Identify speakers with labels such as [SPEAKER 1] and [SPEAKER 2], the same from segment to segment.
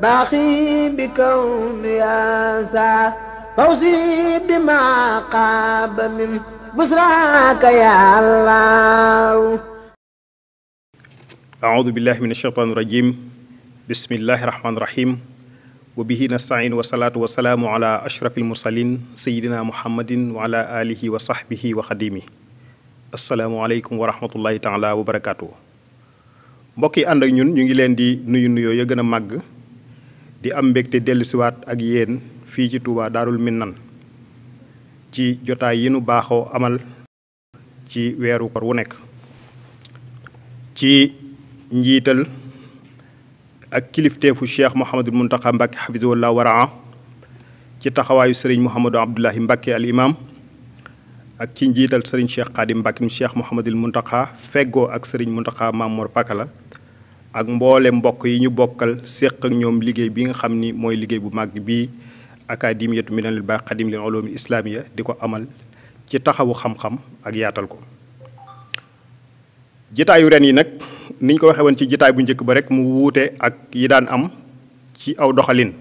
[SPEAKER 1] باقي بكون يا سا فوزي بما قاب من بسراك يا الله أعوذ بالله من الشيطان الرجيم بسم الله الرحمن الرحيم وبه نستعين والصلاة والسلام على أشرف المرسلين سيدنا محمد وعلى آله وصحبه وخديمه السلام عليكم ورحمة الله تعالى وبركاته mbokk yi ànd ak ñun ñu ngi leen di nuyu nuyoo a gën a màgg di am mbégte dellusiwaat ak yéen fii ci Touba Daarul Minnan ci jotaay yi nu baaxoo amal ci weeru koor wu nekk ci njiital ak kilifteefu cheikh Mouhamadul Mountakha Mbacke xafisawallah waraa ci taxawaayu sëriñ Mouhamadou Abdoulahi Mbacke al imam ak ci njiital sëriñ Cheikh Khadim Mbacké Cheikh Mouhamadul Mountakha feggoo ak sëriñ Mountakha Mamour Pakala ak mboole mbokk yi ñu bokkal séq ak ñoom liggéey bi nga xam ni mooy liggéey bu màgg bi akademiyatu minanil ba xadim lil ulumi islamiya di ko amal ci taxawu xam-xam ak yaatal ko. jitaayu ren yi nag niñ ko waxee woon ci jitaay bu njëkk ba rek mu wuute ak yi daan am ci aw doxalin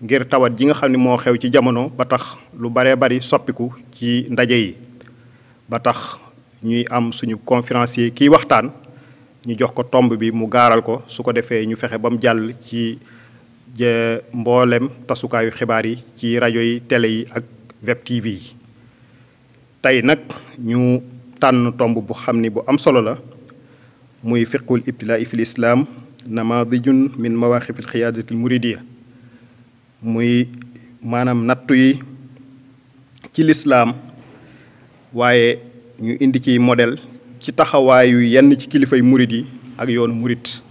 [SPEAKER 1] ngir tawat ji nga xam ni moo xew ci jamono ba tax lu baree bari soppiku ci ndaje yi ba tax ñuy am suñu conférencier kiy waxtaan ñu jox ko tomb bi mu gaaral ko su ko defee ñu fexe ba mu jàll ci mboolem tasukaayu xibaar yi ci rajo yi télé yi ak web tv yi tey nag ñu tànn tomb bu xam ni bu am solo la muy fiqul ibtilaa'i fil islaam namadijun min mawaqifil xiyaadatil muridiya muy maanaam nattu yi ci lislaam waaye ñu indi ci model ci taxawaayu yenn ci kilifay murit yi ak yoonu murit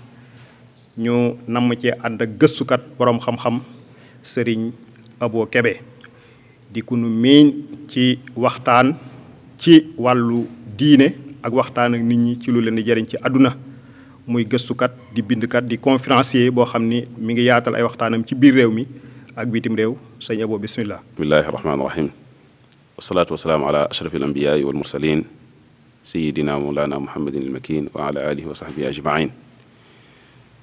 [SPEAKER 1] ñu namm cee ànd ak gëstukat boroom xam-xam sëriñ Abo Kebe di ku nu miiñ ci waxtaan ci wàllu diine ak waxtaan ak nit ñi ci lu leen di jariñ ci àdduna muy gëstukat di bindkat di conférencier boo xam ni mi ngi yaatal ay waxtaanam ci biir réew mi ak bitim réew sëñ Abo bismillah
[SPEAKER 2] bismillahi rahmaani rahim wasalaatu wasalaamu ala ashrafi alambiyaai walmursalin sayidina mawlana muhammadin almakin wa ala alihi wa sahbihi ajmain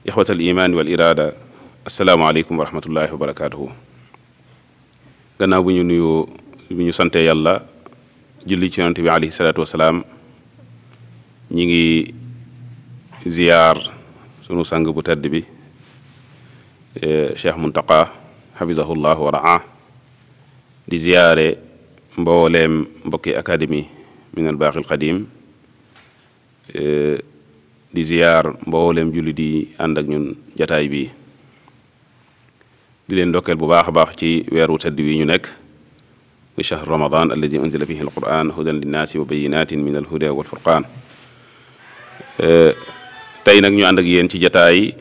[SPEAKER 2] ixwat alimaani wal iraada asalaamualeykum wa rahmatullahi wa barakatuhu gannaaw bu ñu nuyoo bu ñu sante yàlla julli ci yonante bi alayhi salaatu wasalaam ñi ngi ziyaar sunu sang bu tedd bi eh, cheikh muntaqa xafizahu llah wa raa di ziyaare mbooleem mbokki académie minal baaxil xadim e, di ziar mbooleem julli di ànd ñun jataay bi di leen ndokkeel bu baax a baax ci weeru tedd wi ñu nekk muy shahr ramadan allazi unzila fihi alquran hudan linnaasi wa bayinatin min alhuda wal furqan e, tey nag ñu ànd ak yéen ci jataay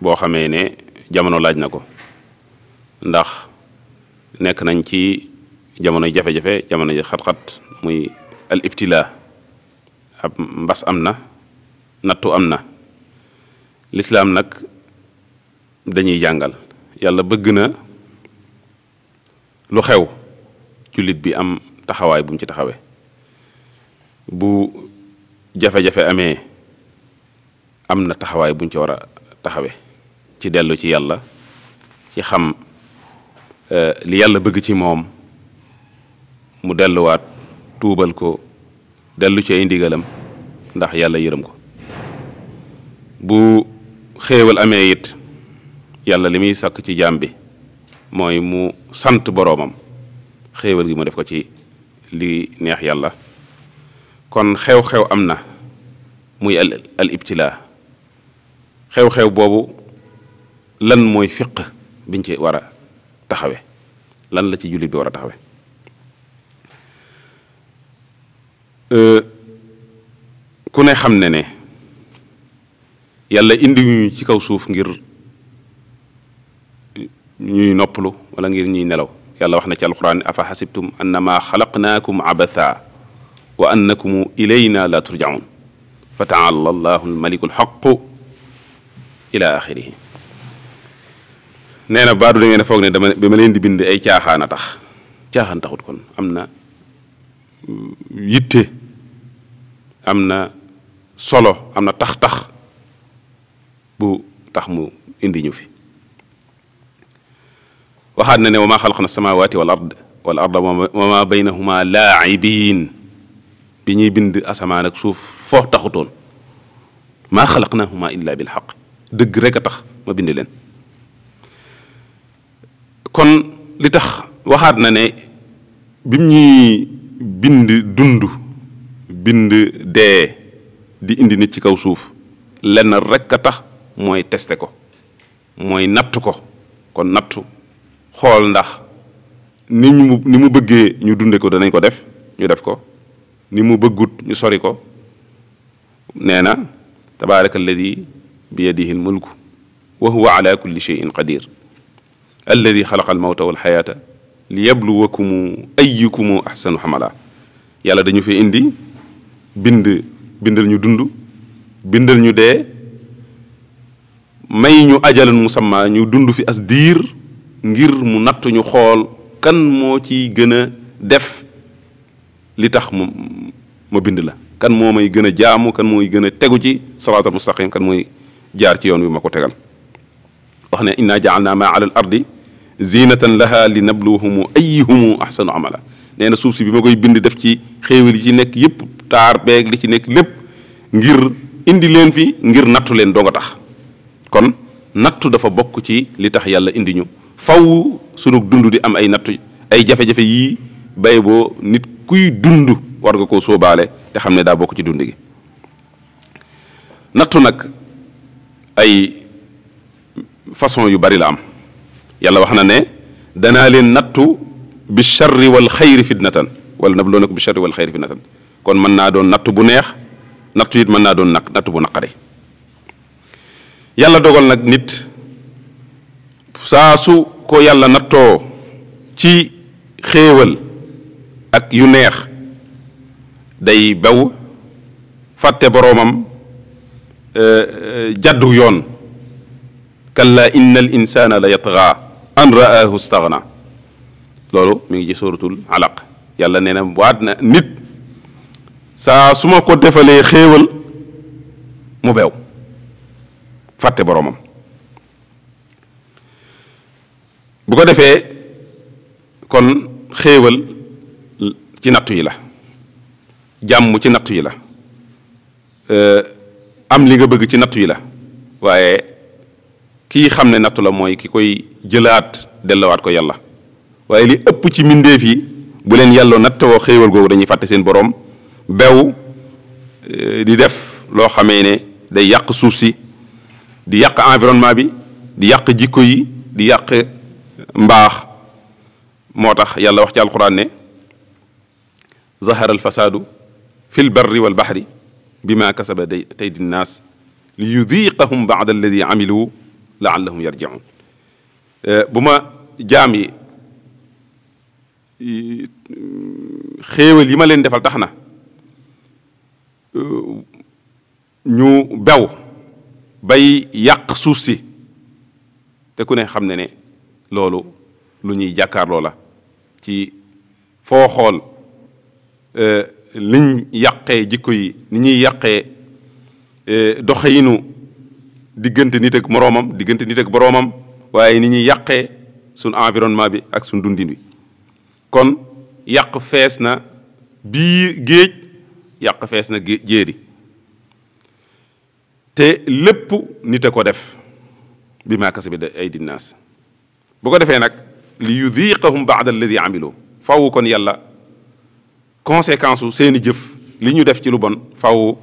[SPEAKER 2] boo xamee ne jamono laaj na ko ndax nekk nañ ci jamonoy jafe-jafe jamonoy xat-xat muy al ibtila ab mbas am na nattu am na lislaam nag dañuy jàngal yàlla bëgg na lu xew jullit bi am taxawaay bu mu ci taxawee bu jafe-jafe amee am na taxawaay bu ñu ci war a taxawee ci dellu ci yàlla ci xam euh, li yàlla bëgg ci moom mu delluwaat tuubal ko dellu ci ay ndigalam ndax yàlla yërëm ko bu xéewal amee it yàlla li muy sàkk ci jaam bi mooy mu sant boroomam xéewal gi mu def ko ci li neex yàlla kon xew-xew am na muy al al ibtilaa xew-xew boobu lan mooy fiq biñ ci war a taxawe lan la ci jullit bi war a taxawe Euh, ku ne xam ne ne yàlla indi ñu ci kaw suuf ngir ñuy noppalu wala ngir ñuy nelaw yàlla wax na ci alquran afa xasibtum annama xalaqnaakum abatha wa annakum ilayna la turjaun fa taala allahu almaliku alxaqu ila axirihi nee na baadu da ngeen a foog ne dama bi ma leen di bind ay caaxaan tax caaxaan taxut kon am na mm, yitte am na solo am na tax-tax bu tax mu indi ñu fi waxaat na ne wa maa xalaqna samawati wal ard wal arda wa ma baynahuma laa'ibiin bi ñuy bind asamaan ak suuf foo taxutoon maa xalaqnahuma illa bil xaq dëgg rek a tax ma bind leen kon li tax waxaat na ne bi ñuy bind dund bind dee di indi nit ci kaw suuf lenn rekk a tax mooy teste ko mooy natt ko kon nattu xool ndax ni ñu ni mu bëggee ñu dunde ko danañ ko def ñu def ko ni mu bëggut ñu sori ko nee na tabaraka alladi bi yadihi almulku wa huwa ala kulli cheyin qadir alladi xalaqa almawta walxayaata li yabluwakumu ayukumu axsanu xamala yàlla dañu fi indi bind bindal ñu dund bindal ñu dee may ñu ajalan musamma ñu dund fi as diir ngir mu natt ñu xool kan moo ciy gën a def li tax mu ma bind la kan moo may gën a jaamu kan mooy gën a tegu ci siraatal mustaqim kan mooy jaar ci yoon wi ma ko tegal wax ne inna jaalna ma ala ardi zinatan laha li nabluhumu ayuhumu ahsanu amala nee na suuf si bi ma koy bind def ci xéewal yi ci nekk yépp taar beeg li ci nekk lépp ngir indi leen fi ngir nattu leen doo nga tax kon nattu dafa bokk ci li tax yàlla indi ñu faw sunu dund di am ay nattu ay jafe-jafe yii boo nit kuy dund war koo sóobaale te xam ne daa bokk ci dund gi nattu nag ay façon yu bari la am yàlla wax na ne danaa leen nattu bi charri wal xayri fitnatan wala nabluunakum bi charri wal xayri fitnatan kon mën naa doon natt bu neex natt it mën naa doon nag natt bu naqari yàlla dogal nag nit saasu ko yàlla nattoo ci xéewal ak yu neex day baw fàtte boroomam euh, euh, jàddu yoon kalla inna al insana la yatgha an ra'ahu istaghna loolu mu ngi ci sóoratul alaq yàlla nee na waat na nit saa su ma ko defalee xéewal mu beew fàtte boromam bu ko defee kon xéewal ci nattu yi la jàmm ci nattu yi la am li nga bëgg ci nattu yi la waaye kii xam ne nattu la mooy ki koy jëlaat dellawaat ko yàlla waaye li ëpp ci mbindeef yi bu leen yàlla nattawoo xéewal googu dañuy fàtte seen borom bew eh, di def loo xamee ne day yàq suuf si di yàq environnement bi di yàq jikko yi di yàq mbaax moo tax yàlla wax ci alquran ne zahara alfasaadu fi lbarri walbahri bima kasaba taydi nnaas li yudiqahum baada alladi amilu laallahum yarjiun eh, bu ma jaam yi xéewal yi ma leen defal tax na euh, ñu bew bay yàq suuf si te ku ne xam ne ne loolu lu ñuy jàkkaarloo la ci foo xool euh, liñ yàqee jikko yi ni ñuy yàqee euh, doxeyinu diggante nit ak moroomam diggante nit ak boroomam waaye ni ñuy yàqee suñ environnement bi ak suñ dundin wi kon yàq fees na biir géej yàq fees na jéeri te lépp nit ko def bi bi kasabat ay naas bu ko defee nag li yudiqahum baada alladi amilu faww kon yàlla conséquence su seeni jëf li ñu def ci lu bon faww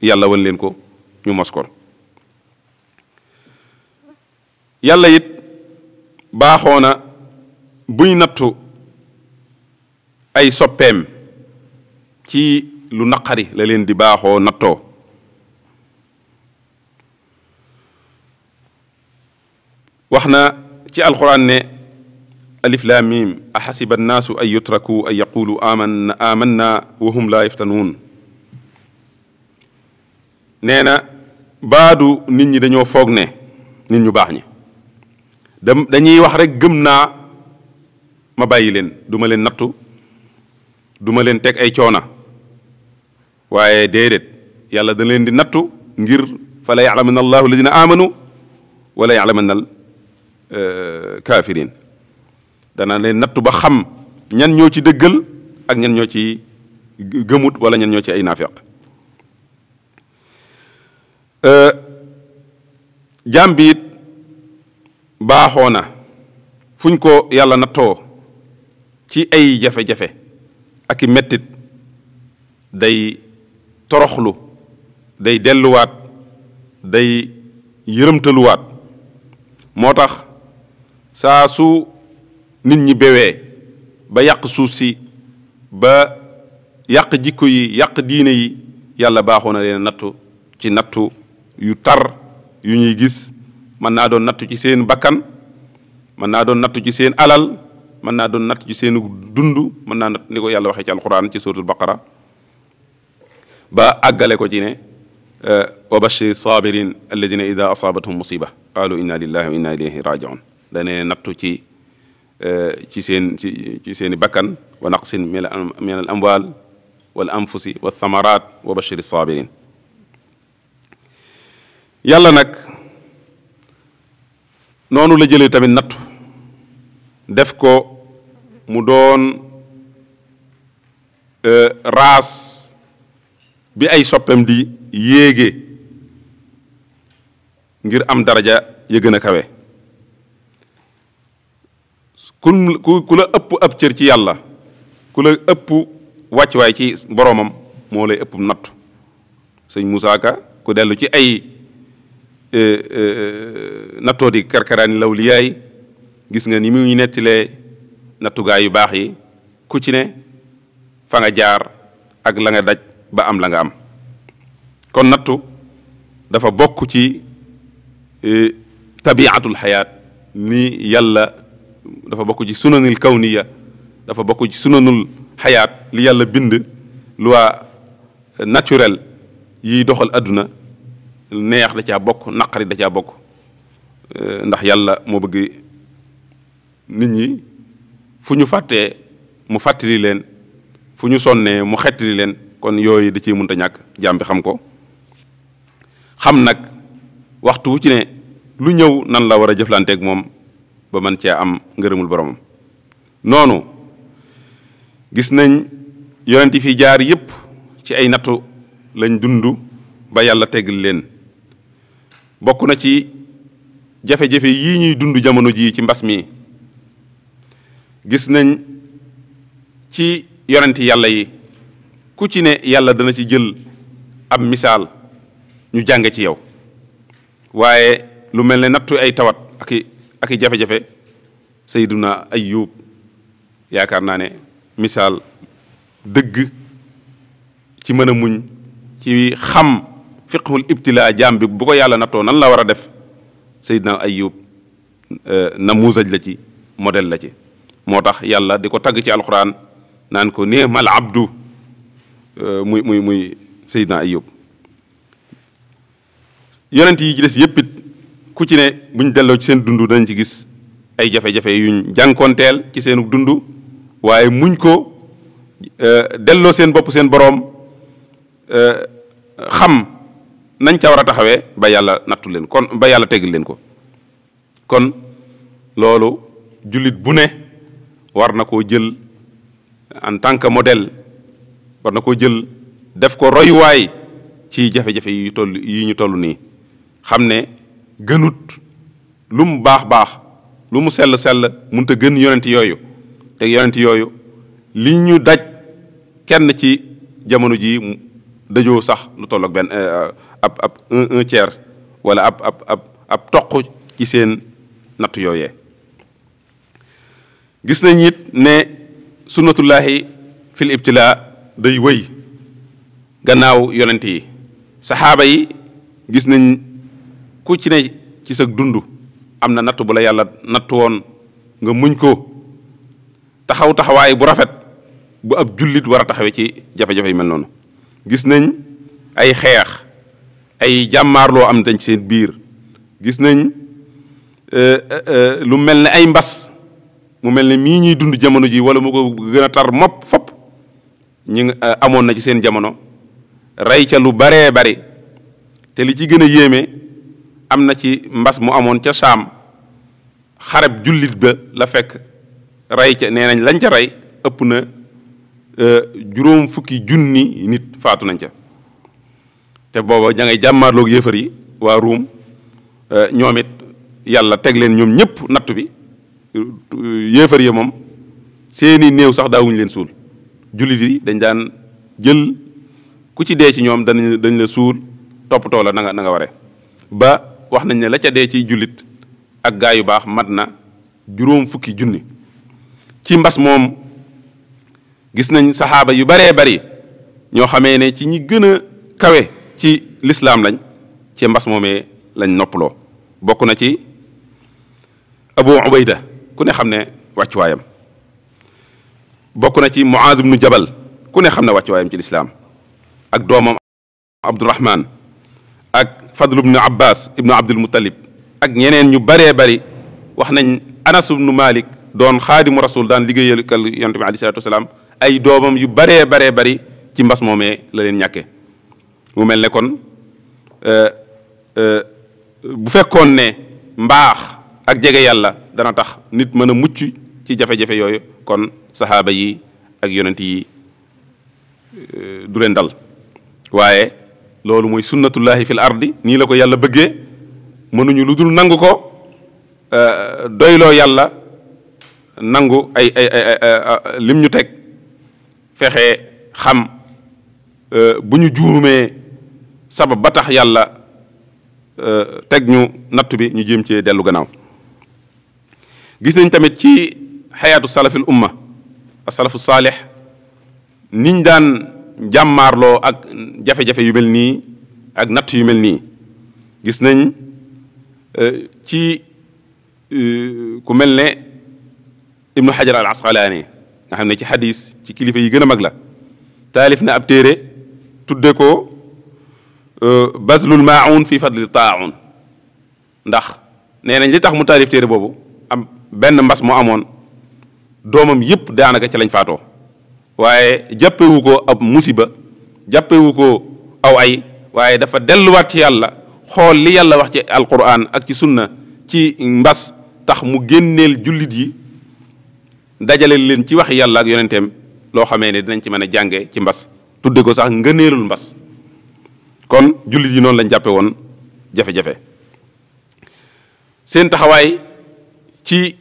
[SPEAKER 2] yàlla wan leen ko ñu mos yàlla yit baaxoo na buñ nattu ay soppeem ci lu naqari la leen di baaxoo nattoo wax na ci alquran ne alif laam miim axasiba annaasu an yutraku an yaqulu amanna amanna wa hum laa yaftanuun nee na baadu nit ñi dañoo foog ne nit ñu baax ñi da wax rek gëm naa ma bàyyi leen duma leen nattu duma leen teg ay coona waaye déedéet yàlla da leen di nattu ngir fa la yalaman allahu alladina amanu wala yalaman al euh, kafirin dana leen nattu ba xam ñan ñoo ci dëggal ak ñan ñoo ci gëmut wala ñan ñoo ci ay naafeq euh, jaam bi it baaxoo na fuñ ko yàlla nattoo ci ay jafe-jafe ak i mettit day toroxlu day delluwaat day yërëmtaluwaat moo tax saa su nit ñi bewee ba yàq suuf si ba yàq jikko yi yàq diine yi yàlla baaxoo na leen nattu ci nattu yu tar yu ñuy gis mën naa doon nattu ci seen bàkkan mën naa doon nattu ci seen alal mën naa doon natt ci seenu dund mën naa natt ni ko yàlla waxee ci alquran ci suratul baqara ba àggale ko ci ne eh, wa bashir sabirin allazina ida asaabathum musiba qalu inna lillahi eh, ci ci bakkan wa naqsin min al amwal wal wa thamarat wa bashir sabirin yàlla nag noonu la jëlee tamit nattu def ko mu doon euh, raas bi ay soppem di yéege ngir am daraja ya gën a kawe ku ku la ëpp ab cër ci yàlla ku la ëpp wàccuwaay ci boroomam moo lay ëpp nattu sëñ Moussa Ka ku dellu ci ay euh, euh, nattoo di karkaraani law liyaay gis nga ni mu ñu nattugaay yu baax yi ku ci ne fa nga jaar ak la nga daj ba am la nga am kon nattu dafa bokk ci e, tabiatul xayaat ni yàlla dafa bokk ci sunanil kawniya dafa bokk ci sunanul xayaat li yàlla bind luwaa naturel yiy doxal adduna neex da caa bokk naqari da caa bokk e, ndax yàlla moo bëgg nit ñi fu ñu fàttee mu fàttali leen fu ñu sonnee mu xettali leen kon yooyu da ciy mënta ñàkk jàmbi xam ko xam nag waxtu ci ne lu ñëw nan la war a jëflanteeg moom ba mën cee am ngërëmul boromam noonu gis nañ yonent fi jaar yépp ci ay nattu lañ dund ba yàlla teg leen bokk na ci jafe-jafe yii ñuy dund jamono jii ci mbas mi gis nañ ci yonenti yàlla yi ku ci ne yàlla dana ci jël ab misaal ñu jàng ci yow waaye lu mel ne nattu ay tawat aki i ak i jafe-jafe sayduna ayub yaakaar naa ne misaal dëgg ci mën a muñ ci xam fiqhul ibtilaa jaam bi bu ko yàlla nattoo nan la war a def sayduna ayub euh, namuusaj la ci model la ci moo tax yàlla di ko tagg ci alxuraan naan ko ni'mal abdu euh, muy muy muy Seydina Ayyub yonent yi ci des yëpp ku ci ne bu delloo ci seen dundu dañ ci gis ay jafe-jafe yuñ jànkoonteel ci seenu dund waaye muñ ko euh, delloo seen bopp seen boroom euh, xam nañ ca war a taxawee ba yàlla nattu leen kon ba yàlla tegg leen ko kon loolu jullit bu ne war na koo jël en tant que model war na koo jël def ko royuwaay ci jafe-jafe yu toll yi ñu toll nii xam ne gënut lu mu baax baax lu mu sell sell munta gën yonent yooyu te yonent yooyu li ñu daj kenn ci jamono ji dajoo sax lu toll benn euh, euh, ab ab un un tiers wala ab ab ab toq ci seen natt yooyee gis nañ it ne sunnatullahi fil ibtilaa day wëy gannaaw yonent yi saxaaba yi gis nañ ku ci ne ci sa dund am na natt bu la yàlla natt woon nga muñ ko taxaw taxawaay bu rafet bu ab jullit war a taxawee ci jafe-jafe yu mel noonu gis nañ ay xeex ay jàmmaarloo am dañ seen biir gis nañ euh, euh, euh, lu mel ne ay mbas mu mel ne mii ñuy dund jamono ji wala mu ko gën a tar mopp fopp ñi euh, amoon na ci seen jamono rey ca lu baree bari te li ci gën a yéeme am na ci mbas mu amoon ca saam xarab jullit ba la fekk rey ca nee nañ lañ ca rey ëpp na euh, juróom fukki junni nit faatu nañ ca te booba da ngay jàmmaarloog yéefar yi waa ruum euh, ñoom yàlla teg leen ñoom ñëpp nattu bi yéefar ya moom seeni néew sax daawuñu leen suul jullit yi dañ daan jël ku ci dee ci ñoom danañ dañ la suul toppatoo la na nga ware ba wax nañ ne la ca dee ci jullit ak gaa yu baax mat na juróom fukki junni ci mbas moom gis nañ saxaaba yu baree bari ñoo xamee ne ci ñi gën a kawe ci lislaam lañ ci mbas moomee lañ noppaloo bokk na ci abu ubayda ku ne xam ne wàccuwaayam bokk na ci Muaz ibnu Jabal ku ne xam ne wàccuwaayam ci lislaam ak doomam Abdurahman ak Fadl ibnu Abbas ibnu Abdul Muttalib ak ñeneen ñu baree bari wax nañ Anas ibnu Malik doon xaadimu rasul daan liggéeyalkal yonent bi aleyhi salaatu ay doomam yu baree baree bari ci mbas moomee la leen ñàkke mu mel ne kon euh, euh, bu fekkoon ne mbaax ak jege yàlla dana tax nit mën a mucc ci jafe-jafe yooyu kon saxaaba yi ak yonent yi euh, du leen dal waaye loolu mooy sunnatullahi fil ardi nii la ko yàlla bëggee mënuñu lu dul nangu ko euh, doyloo yàlla nangu ay ay ay lim ñu teg fexe xam euh, bu ñu juumee sabab ba tax yàlla teg ñu natt bi ñu jéem cee dellu gannaaw gis nañ tamit ci xayaatu salafil umma asalafu saalix niñ daan jàmmaarloo ak jafe yu mel nii ak natt yu mel nii gis nañ euh, ci euh, ku mel ne ibnu xajar al asqalaani na xam ne ci xadis ci kilifa yi gën a mag la taalif na ab téere tudde ko euh, bazlul maawun fi fadli taaun ndax nee nañ li tax mu taalif téere boobu benn mbas mu amoon doomam yëpp daanaka ci lañ faatoo waaye jàppewu ko ab musiba jàppewu ko aw ay waaye dafa delluwaat ci yàlla xool li yàlla wax ci alquran ak ci sunna ci mbas tax mu génneel jullit yi dajale leen ci wax yàlla ak yonenteem loo xamee ne dinañ ci mën a jànge ci mbas tudde ko sax ngëneelul mbas kon jullit yi noonu lañ jàppe woon jafe-jafe seen taxawaay ci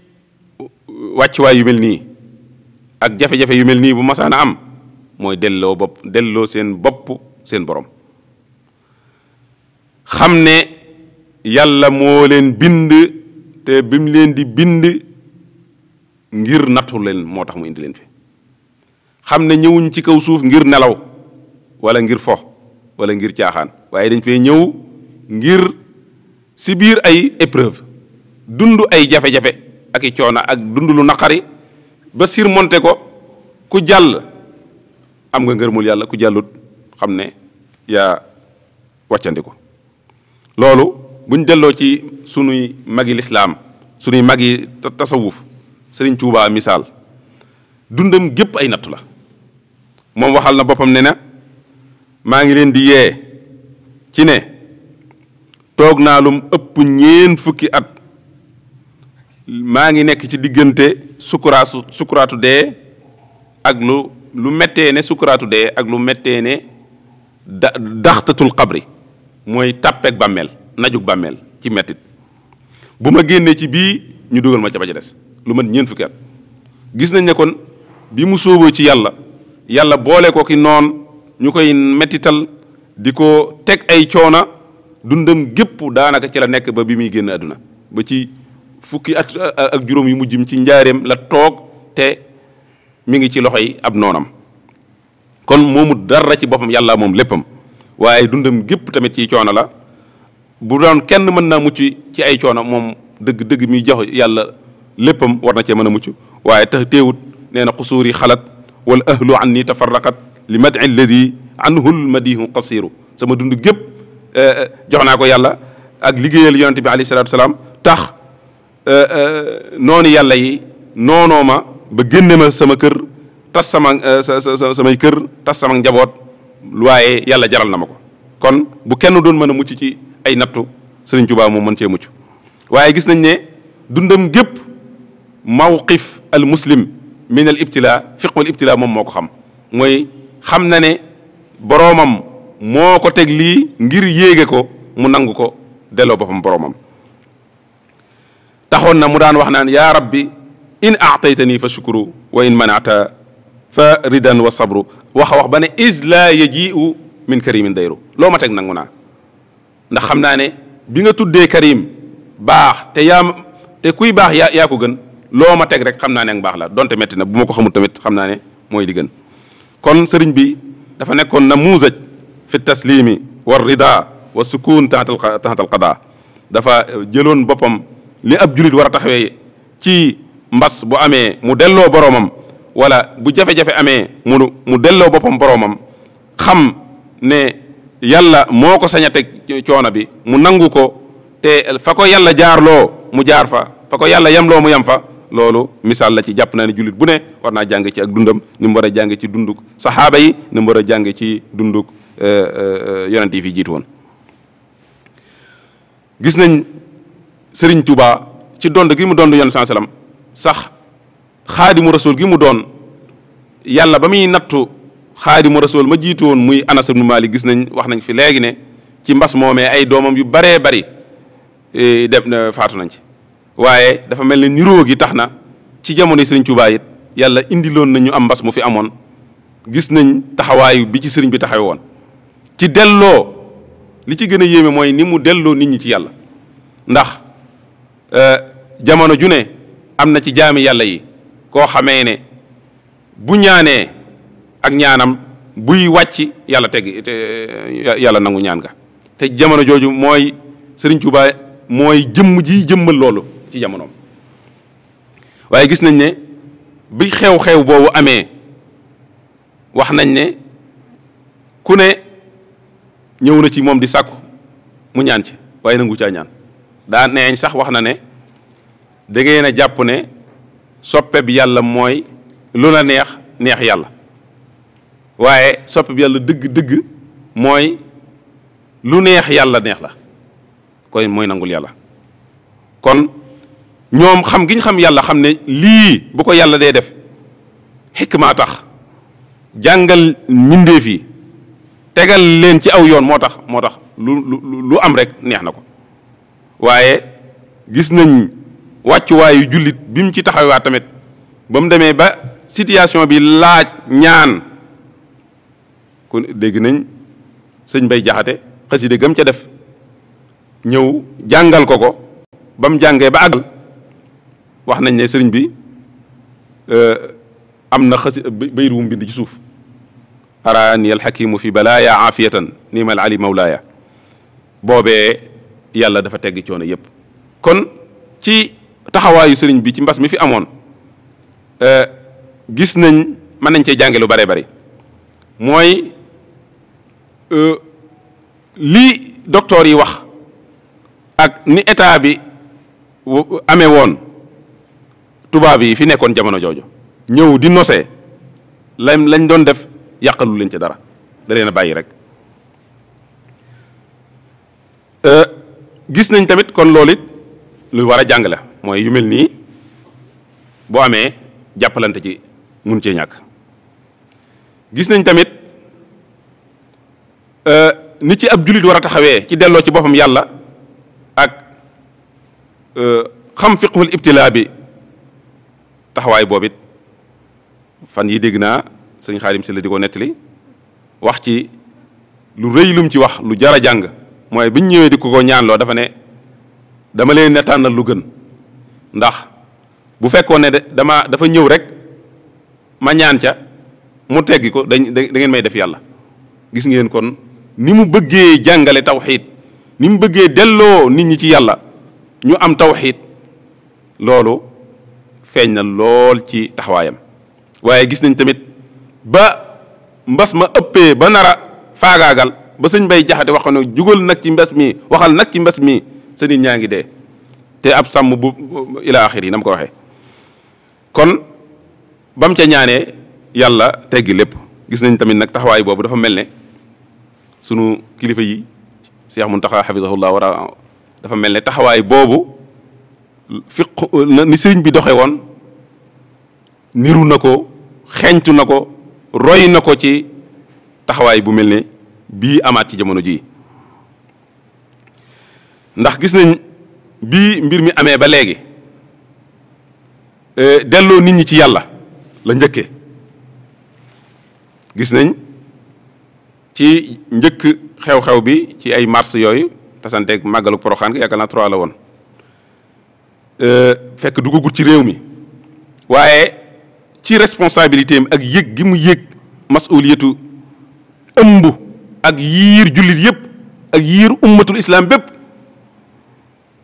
[SPEAKER 2] wàccuwaay yu mel nii ak jafe-jafe yu mel nii bu masaan am mooy delloo bopp delloo seen bopp seen borom xam ne yàlla moo leen bind te bi leen di bind ngir nattu leen moo tax mu indi leen fi xam ne ñëwuñ ci kaw suuf ngir nelaw wala ngir fo wala ngir caaxaan waaye dañ fee ñëw ngir si biir ay épreuve dund ay jafe-jafe ak i coono ak dund lu naqari ba surmonté ko ku jàll am nga ngërmul yàlla ku jàllut xam ne yaa wàccandiku loolu buñ delloo ci sunuy magi lislaam sunuy mag yi tasawuf sëriñ Tuubaa misaal dundam gépp ay nattu la moom waxal na boppam ne na maa ngi leen di yee ci ne toog naa lum ëpp ñeen fukki at maa ngi nekk ci diggante sukuraatu sukuraatu dee ak lu lu mettee ne sukuraatu dee ak lu mettee ne da daxtatul xabri mooy tàppeeg bàmmeel najug bàmmeel ci mettit bu ma génnee ci bii ñu dugal ma ca ba ca des lu mat ñeent fukki gis nañ ne kon bi mu sóoboo ci yàlla yàlla boole ko ki noon ñu koy mettital di ko teg ay coona dundam gépp daanaka ci la nekk ba bi muy génn àdduna ba ci fukki at ak juróom yu mujjim ci njaareem la toog te mi ngi ci loxoy ab noonam kon moomu dara ci boppam yàlla moom léppam waaye dundam gépp tamit ci coono la bu doon kenn mën na mucc ci ay coono moom dëgg dëgg mi jox yàlla léppam war na cee mën a mucc waaye tax teewut nee na xusuuri xalat wala ahlu an ni tafarraqat li madi alladi anhul madihu qasiru sama dund gépp eh, eh, jox naa ko yàlla ak liggéeyal yonente bi alayhi salatu wasalaam tax Euh, euh, noonu yàlla yi noonoo ma ba génne ma sama kër tas sama euh, sa samay kër tas sama njaboot waaye yàlla jaral na ma ko kon bu kenn doon mën a mucc ci ay nattu Sëriñ Tuubaa moom mën cee mucc waaye gis nañ ne dundam gépp mawqif al muslim min al ibtilaa fiqhul ibtilaa moom moo ko xam mooy xam na ne boroomam moo ko teg lii ngir yéege ko mu nangu ko delloo boppam boroomam taxoon na mu daan wax naan yaa rabbi in aataytani fa shukru wa in manaata fa ridan wa sabru wax wax ba ne is laa yajiu min karimin dayru loo ma teg nangu naa ndax xam naa ne bi nga tuddee karim baax te yaa te kuy baax yaa yaa ko gën loo ma teg rek xam naa ne baax la donte métti na bu ma ko xamul tamit xam naa ne mooy li gën kon sëriñ bi dafa nekkoon na muusaj fi taslimi wa rida wa sukun taxta taxta alqada dafa jëloon boppam li ab julit war a taxawee ci mbas bu amee mu delloo boroomam wala bu jafe-jafe amee mu mu delloo boppam boroomam xam ne yàlla moo ko sañ a teg coono bi mu nangu ko te fa ko yàlla jaarloo mu jaar fa fa ko yàlla loo mu yam fa loolu misaal la ci jàpp naa ne jullit bu ne war naa jàng ci ak dundam ni mu war a jàng ci dunduk saxaaba yi ni mu war a jàng ci dunduk euh, euh, euh, yonent yi fi jiitu woon gis nañ sëriñ Touba ci dond gi mu dond yoonu saa salaam sax xaadimu rasul gi mu doon yàlla ba muy nattu xaadimu rasul ma jiitu woon muy Anas ibnu Maalik gis nañ wax nañ fi léegi ne ci mbas moomee ay doomam yu baree bari e, dem na faatu nañ ci waaye dafa mel ne niroo gi tax na ci jamono sëriñ Touba yit yàlla indiloon nañ ñu am mbas mu fi amoon gis nañ taxawaayu bi ci sëriñ bi taxaw woon ci delloo li ci gën a yéeme mooy ni mu delloo nit ñi ci yàlla ndax Euh, jamono ju ne am na ci jaami yàlla yi koo xamee ne bu ñaanee ak ñaanam buy wàcc yàlla teg euh, yàlla nangu ñaan nga te jamono jooju mooy Sëriñ Tuubaa mooy jëmm ji jëmmal loolu ci jamonoom waaye gis nañ ne bi xew-xew boobu amee wax nañ ne ku ne ñëw na ci moom di sàkku mu ñaan ci waaye nangu caa ñaan daa neeñ sax wax na ne da ngeen a jàpp ne soppe bi yàlla mooy lu la neex neex yàlla waaye soppe bi yàlla dëgg-dëgg mooy lu neex yàlla neex la koy mooy nangul yàlla kon ñoom xam gi xam yàlla xam ne lii bu ko yàlla dee def xikmaa tax jàngal mbindeef yi tegal leen ci aw yoon moo tax moo tax lu lu lu am rek neex na ko waaye gis nañ wàccuwaayu jullit bi mu ci waa tamit ba mu demee ba situation bi laaj ñaan kon dégg nañ sëñ Mbay Jaxate xasida gam ca def ñëw jàngal ko ko ba mu jàngee ba àggal wax nañ ne sëriñ bi euh, am na xasi bayit wu ci suuf araani alxakimu fi balaaya aafiyatan nimal ali mawlaaya boobee yàlla dafa tegg coono yépp kon ci taxawaayu sëriñ bi ci mbas mi fi amoon euh, gis nañ mën nañ cee jànge lu bare bari mooy euh, li docteur yi wax ak ni état bi amee woon tubaab yi fi nekkoon jamono jooju ñëw di nosee lañ lañ doon def yàqalu leen ci dara da leen a bàyyi rek euh, gis nañ tamit kon loolu lu luy war a jàng la mooy yu mel nii boo amee jàppalante ci mun cee ñàkk gis nañ tamit euh, ni ci ab jullit war a taxawee ci delloo ci boppam yàlla ak euh, xam fiqhul ibtilaa bi taxawaay boobit fan yi dégg naa sëñ xaarim si la di ko nettali wax ci lu rëy lum ci wax lu jar a jàng mooy bi ñu ñëwee di ko ko ñaanloo dafa ne dama leen ne tànnal lu gën ndax bu fekkoon ne dama dafa ñëw rek ma ñaan ca mu teggi ko dañ may def yàlla gis ngeen kon ni mu bëggee jàngale tawxiid ni mu bëggee delloo nit ñi ci yàlla ñu am tawxiid loolu feeñ na lool ci taxawaayam waaye gis nañ tamit ba mbas ma ëppee ba nara faagaagal ba sëñ bay jaxate wax ne jugal nag ci mbes mi waxal nag ci mbes mi sa ñaa ngi dee te ab sàmm bu ila axir yi na ma ko waxe kon ba mu ca ñaanee yàlla teggi lépp gis nañ tamit nag taxawaay boobu dafa mel ne sunu kilifa yi Cheikh Mountakha hafizahullah wara dafa mel ne taxawaay boobu fiq ni sëriñ bi doxe woon niru na ko xeeñtu na ko roy na ko ci taxawaay bu mel ne bii amaat ci jamono jii ndax gis nañ bii mbir mi amee ba léegi eh, delloo nit ñi ci yàlla la njëkke gis nañ ci njëkk xew-xew bi ci ay mars yooyu tasanteeg màggalu poroxaan gi yaakaar naa trois la woon eh, fekk dugagut ci réew mi waaye ci responsabilité ak yëg gi mu yëg masuliyatu ëmb ak yiir jullit yëpp ak yiir ummatul islam bépp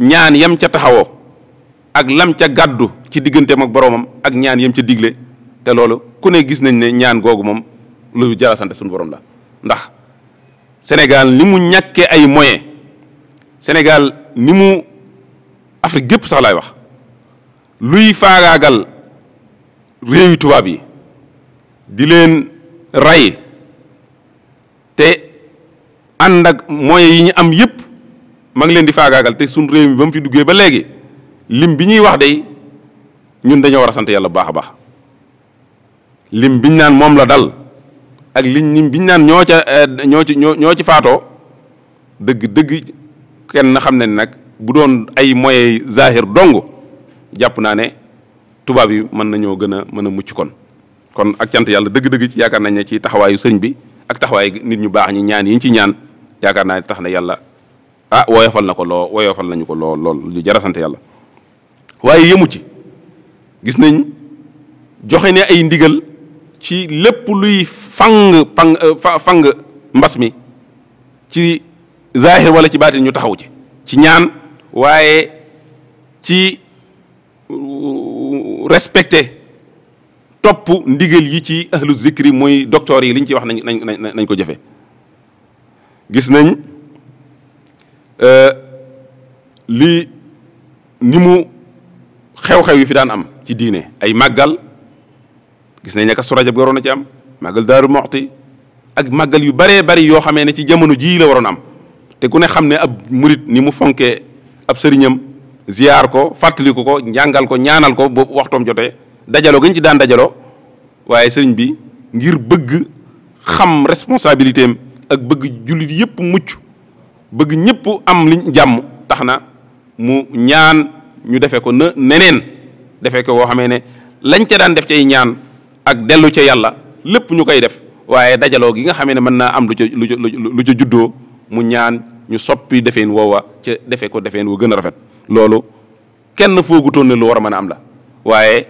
[SPEAKER 2] ñaan yam ca taxawoo ak lam ca gàddu ci digganteem ak boroomam ak ñaan yam ca digle te loolu ku ne gis nañ ne ñaan googu moom lu jara sant suñu borom la ndax Sénégal ni mu ñàkkee ay moyens Sénégal ni mu Afrique gépp sax laay wax luy faagaagal réewi tubaab yi di leen ray te ànd ak moyens yi ñu am yëpp ma ngi leen di faagaagal te suñ réew mi ba mu fi duggee ba léegi lim bi ñuy wax de ñun dañoo war a sant yàlla bu baax a baax lim biñ naan moom la dal ak liñ lim biñ naan ñoo ca eh, ñoo ci ñoo ci faatoo dëgg dëgg kenn na xam ne nag bu doon ay moyens zahir dong jàpp naa ne tubaab yi mën nañoo gën a mën a mucc kon. kon ak cant yàlla dëgg-dëgg yaakaar nañ ne ci taxawaayu sëñ bi ak taxawaay nit ñu baax ñi ñaan yi ñu ci ñaan. yaakaar naa tax na yàlla ah woyofal na ko loo woyofal nañu ko lool lool lu jar a sant yàlla waaye yëmu ci gis nañ joxe ni ay ndigal ci lépp luy fang pang euh, mbas mi ci zahir wala ci baate ñu taxaw ci ci ñaan waaye ci euh, respecté topp ndigal yi ci ahlu zikri mooy docteur yi li ci wax nañ nañ nañ ko jofe gis nañ euh, lii ni mu xew-xew yi fi daan am ci diine ay màggal gis nañ naka su rajab ga waroon na ci am màggal daaru moxti ak màggal yu baree bari yoo xamee ne ci jamono jii la waroon am te ku ne xam ne ab murit ni mu fonke ab sëriñam ziyaar ko fàttaliku ko njàngal ko ñaanal ko boobu waxtoom jotee dajaloo gañ ci daan dajaloo waaye sëriñ bi ngir bëgg xam responsabilité ak bëgg jullit yëpp mucc bëgg ñëpp am liñ jàmm tax na mu ñaan ñu defe ko na neneen defe ko woo xamee ne lañ ca daan def cay ñaan ak dellu ca yàlla lépp ñu koy def waaye dajaloo gi nga xamee ne mën naa am lu ca lu ca lu ca juddoo mu ñaan ñu soppi defeen woowa ca defe ko defeen wu gën a rafet loolu kenn foogutoon ne lu war a mën a am la waaye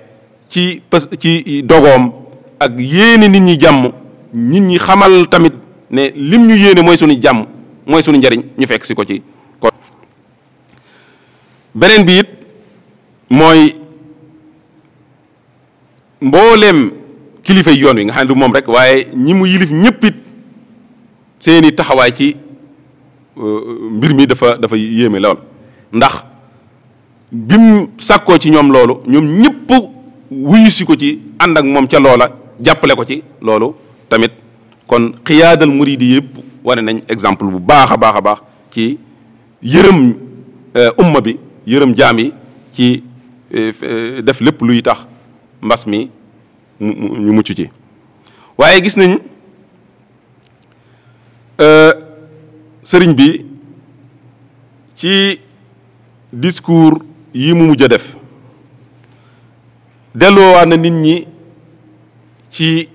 [SPEAKER 2] ci pës ci dogoom ak yéene nit ñi jàmm nit ñi xamal tamit ne lim ñu yéene mooy suñu jàmm mooy suñu njariñ ñu fekk si ko ci kon beneen bi it mooy mbooleem kilifa yoon wi nga xam ne du moom rek waaye ñi mu yilif ñëpp it seeni taxawaay ci euh, mbir mi dafa dafa yéeme lool ndax bim sàkkoo ci ñoom loolu ñoom ñëpp wuyu ko ci ànd ak moom ca loola jàppale ko ci loolu tamit kon xiyaadal muridi yëpp ware nañ exemple bu baax a baax a baax ci yërëm euh, umma bi yërëm jaam yi ci euh, def lépp luy tax mbas mi ñu mucc ci waaye gis nañ euh, sëriñ bi ci discours yi mu mujj a def delloowaat na nit ñi ci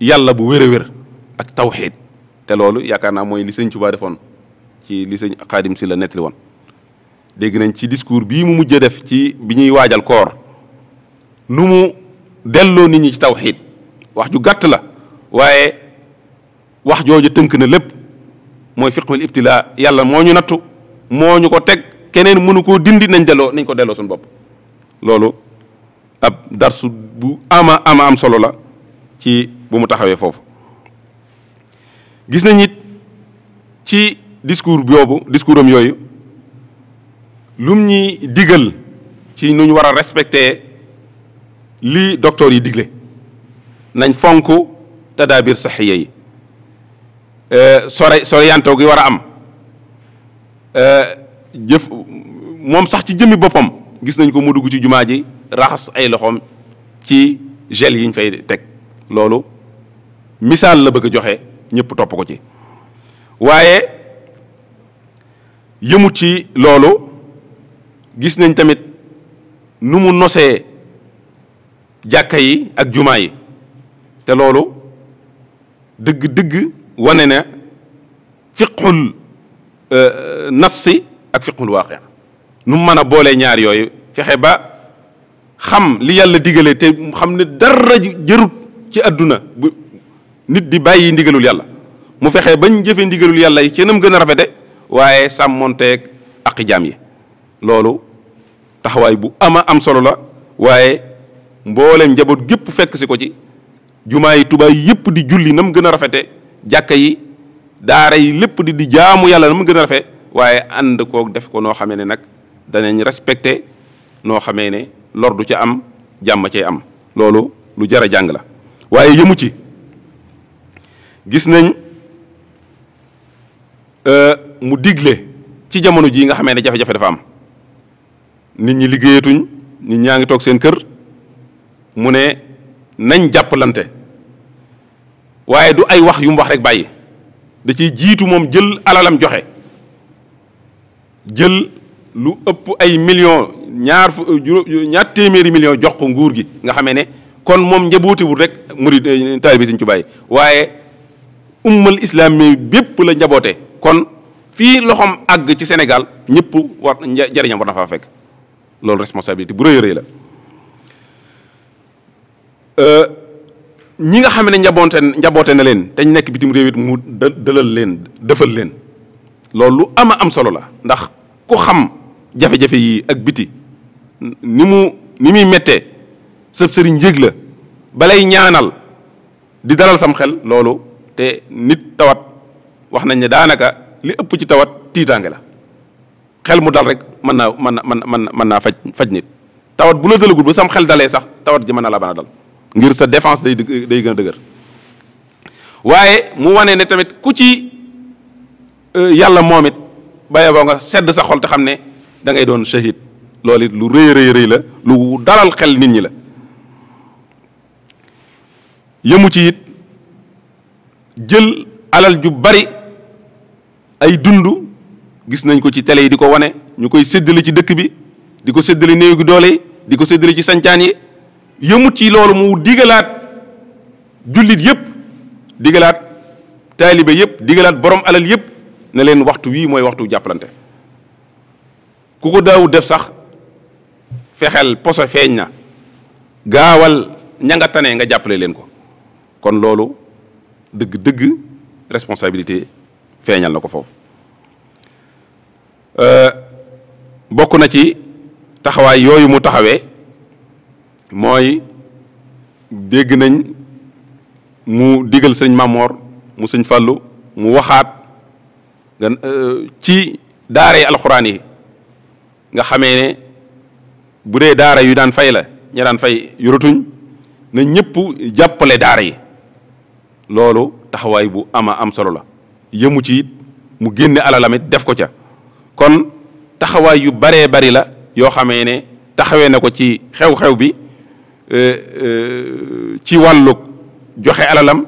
[SPEAKER 2] yàlla bu wér a wér ak tawxiid te loolu yaakaar naa mooy li sëñ Tuubaa defoon ci li sëñ Xaadim si la nettali woon dégg nañ ci discours bii mu mujj def ci bi ñuy waajal koor nu mu delloo nit ñu ci tawxiid wax ju gàtt la waaye wax jooju tënk na lépp mooy fiqhul ibtilaa yàlla moo ñu nattu moo ñu ko teg keneen mënu koo dindi nañ delloo nañ ko delloo suñu bopp loolu ab darsu bu ama ama am solo la ci bu mu taxawee foofu gis nañ it ci discours boobu discours yooyu lum ñuy digal ci nu ñu war a respecter li docteur yi digle nañ fonk tadaabir saxiya yi euh, sore soreyantoo gi war a am euh, jëf moom sax ci jëmmi boppam gis nañ ko mu dugg ci jumaa ji raxas ay loxoom ci gel yi ñu fay teg loolu misaal la bëgg joxe ñëpp topp ko ci waaye yëmu ci loolu gis nañ tamit nu mu nosee jàkka yi ak jumaa yi te loolu dëgg-dëgg wane na fiqul euh, nassi ak fiqul waaqi nu mu mën a boolee ñaar yooyu fexe ba xam li yàlla digale te xam ne dara jërut ci àdduna bu nit di bàyyi ndigalul yàlla mu fexe bañ jëfe ndigalul yàlla yi ci nam gën a rafete waaye sàmmonteeg aqi jaam yi loolu taxawaay bu ama am solo la waaye mboolem njaboot gépp fekk si ko ci jumaa yi Tuubaa yëpp di julli nam gën a rafete jàkka yi daara yi lépp di di jaamu yàlla nam gën a rafet waaye ànd koo def ko noo xamee ne nag danañ respecté noo xamee ne lor du ca am jàmm cay am loolu lu jar a jàng la waaye yëmu ci gis nañ euh, mu digle ci jamono jii nga xamee ne jafe-jafe dafa am nit ñi liggéeyatuñ nit ñaa ngi toog seen kër mu ne nañ jàppalante waaye du ay wax yu mu wax rek bàyyi da ciy jiitu moom jël alalam joxe jël lu ëpp ay millions ñaar ñaar téeméeri million jox ko nguur gi nga xamee ne kon moom njabootiwul rek murid taalibe Sëriñ Tuubaa yi waaye ummal mi bépp la njaboote kon fii loxoom àgg ci Sénégal ñëpp war jariñam war na faa fekk loolu responsabilité bu rëy rëy la euh, ñi nga xam ne njaboote njaboote na leen te nekk bitim réew it mu dëlal leen defal leen loolu lu ama am solo la ndax ku xam jafe-jafe yi ak biti ni mu ni muy méttee sëb sëriñ yëg la balay ñaanal di dalal sam xel loolu te nit tawat wax nañ ne daanaka li ëpp ci tawat tiitaange la xel mu dal rek mën naa mën na mën na mën naa faj faj nit tawat bu la dalagul ba sam xel dalee sax tawat ji mën na la bana dal ngir sa défense day day gën a dëgër waaye mu wanee ne tamit ku ci euh, yàlla moom it baye boo nga sedd sa xol te xam ne dangay doon shahid loolu it lu rëy rëy rëy la lu dalal xel nit ñi la yëmu ci it jël alal ju bari ay dund gis nañ ko ci tele yi di ko wane ñu koy séddale ci dëkk bi di ko séddale néew gi doole yi di ko séddale ci sancaan yi yëmut ci loolu mu digalaat jullit yëpp digalaat taalibe yëpp digalaat borom alal yëpp ne leen waxtu wii mooy waxtu jàppalante ku ko daawu def sax fexeel poso feeñ na gaawal ña nga jàppale leen ko kon loolu dëgg dëgg responsabilité feeñal na ko foofu euh, bokk na ci taxawaay yooyu mu taxawee mooy dégg nañ mu digal sëñ Mamor mu sëñ Fallou mu waxaat gan euh, ci daara yi alxuraan yi nga xamee ne bu dee daara yu daan fay la ña daan fay yoratuñ na ñëpp jàppale daara yi loolu taxawaay bu ama am solo la yëmu ci it mu génne alalam def ko ca kon taxawaay yu baree bari la yoo xamee ne taxawee na ko ci xew-xew bi euh, euh, ci wàllug joxe alalam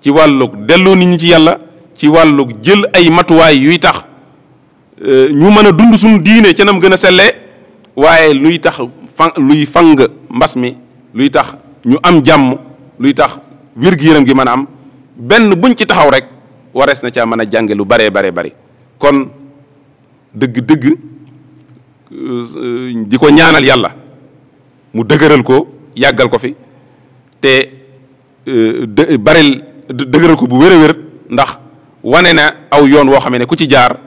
[SPEAKER 2] ci wàllug delloo nit ñi ci yàlla ci wàllug jël ay matuwaay yuy tax euh, ñu mën a dund suñu diine ca nam gën a sellee waaye luy tax fan luy fang mbas mi luy tax ñu am jàmm luy tax wér gu gi mën a am benn buñ ci taxaw rek warees na caa man a jànge lu baree baree bari kon dëgg-dëgg euh, di ko ñaanal yàlla mu dëgëral ko yàggal ko fi te euh, dë baril dëgëral ko bu wér wér ndax wane na aw yoon woo xam ne ku ci jaar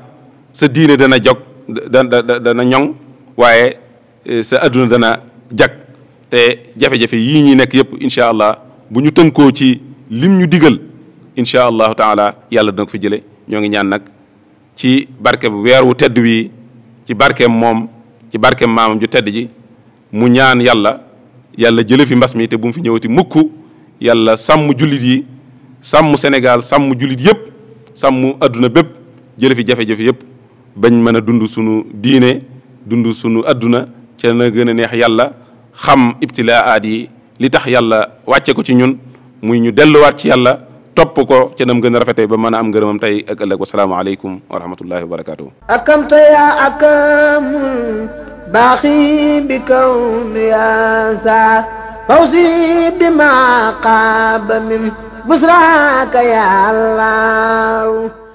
[SPEAKER 2] sa diine dana jog da da dana ñoŋ waaye euh, sa adduna dana jag te jafe-jafe yii ñuy nekk yëpp incha allah. bu ñu tënkoo ci lim ñu digal incha allahu taala yàlla dina ko fi jële ñoo ngi ñaan nag ci barke bu weer wu tedd wi ci barkeem moom ci barkeem maamam ju tedd ji mu ñaan yàlla yàlla jële fi mbas mi te bu mu fi ñëwati mukk yàlla sàmm jullit yi sàmm Sénégal sàmm jullit yëpp sàmm adduna bépp jële fi jafe-jafe yëpp bañ mën a dund sunu diine dund sunu adduna ca na gën a neex yàlla xam ibtilaaat yi li tax yàlla wàcce ko ci ñun muy ñu delluwaat ci yàlla topp ko ca nam gën a rafete ba mën a am ngërëmam tey ak ëllëg wasalaamaaleykum wa rahmatullahi wa barakaatu.
[SPEAKER 1] akamta yaa akamul baaxi bi kawn yaa saa fawsi bi ma qaaba min busraaka yaa allah